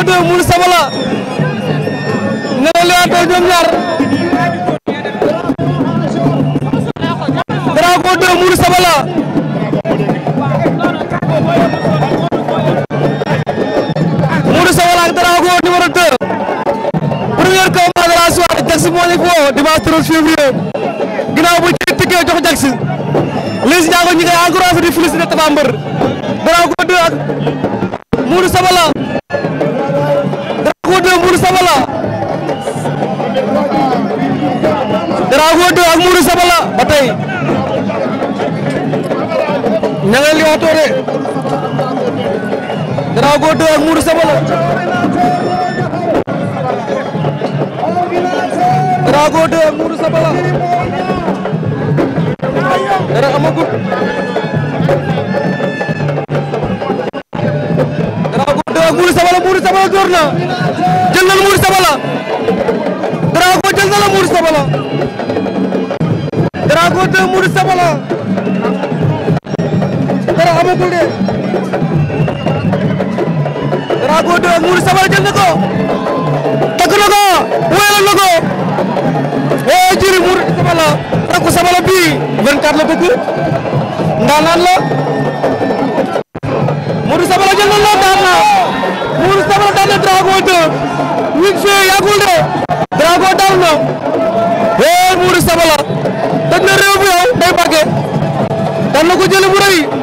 Zarko 2 Mourou Sabala ne la lewaatoo ñoom ñaar Zarko 2 Mourou Sabala Mourou Sabala ak Zarko numéro 2 premier combat de la soirée Jax moo ñu foo dimanche 13 février ginnaaw bu ci tikkee jox Jax Liss Ndiago ñi ngay encouragé di félicité Tapha Mbeur Zarko 2 ak Mourou Sabala 2 ak Modou Sabala ba tey ña nga liwaatoo de Drago 2 ak Modou Sabala Drago 2 ak Modou Sabala dara amagut Drago 2 ak Modou Sabala Modou Sabala door na jël na Modou Sabala 2 Modou Sabala dara amagul de Drago 2 Modou Sabala jël na ko takk na ko wéyal na ko waaye jëri Modou Sabala rakku Sabala bi 24 la dëkk ndaanaan la Modou Sabala jël na daan na Modou Sabala daan na Drago 2 win fee yàggul de Drago daan na jël bu rëy